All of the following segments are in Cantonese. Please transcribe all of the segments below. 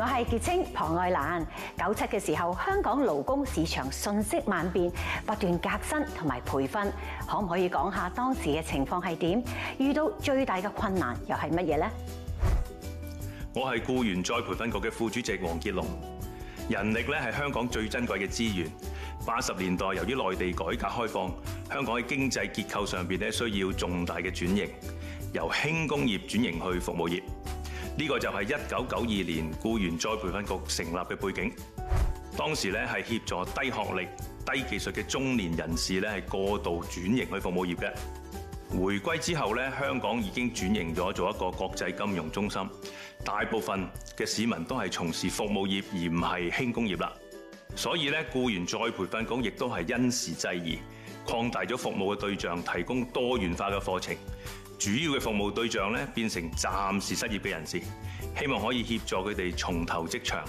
我係傑青龐愛蘭。九七嘅時候，香港勞工市場瞬息萬變，不斷革新同埋培訓，可唔可以講下當時嘅情況係點？遇到最大嘅困難又係乜嘢呢？我係僱員再培訓局嘅副主席黃傑龍。人力咧係香港最珍貴嘅資源。八十年代由於內地改革開放，香港喺經濟結構上邊咧需要重大嘅轉型，由輕工業轉型去服務業。呢、這個就係一九九二年僱員再培訓局成立嘅背景。當時咧，係協助低學歷、低技術嘅中年人士咧，係過度轉型去服務業嘅。回歸之後咧，香港已經轉型咗做一個國際金融中心，大部分嘅市民都係從事服務業而唔係輕工業啦。所以咧，僱員再培訓局亦都係因時制宜，擴大咗服務嘅對象，提供多元化嘅課程。主要嘅服務對象咧，變成暫時失業嘅人士，希望可以協助佢哋重投職場。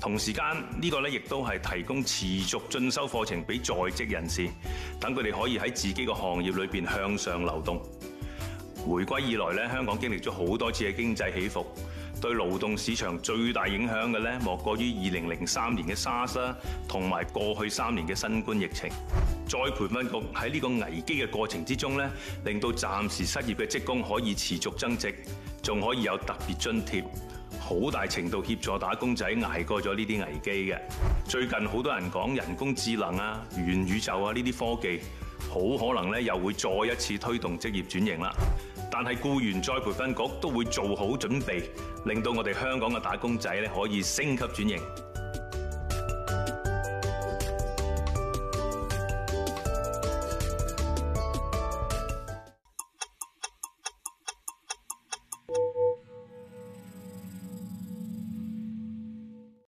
同時間呢、呢個咧，亦都係提供持續進修課程俾在職人士，等佢哋可以喺自己嘅行業裏面向上流動。回歸以來咧，香港經歷咗好多次嘅經濟起伏。對勞動市場最大影響嘅咧，莫過於二零零三年嘅沙士同埋過去三年嘅新冠疫情。再培訓局喺呢個危機嘅過程之中咧，令到暫時失業嘅職工可以持續增值，仲可以有特別津貼，好大程度協助打工仔捱過咗呢啲危機嘅。最近好多人講人工智能啊、元宇宙啊呢啲科技，好可能咧又會再一次推動職業轉型啦。但係，僱員再培訓局都會做好準備，令到我哋香港嘅打工仔可以升級轉型。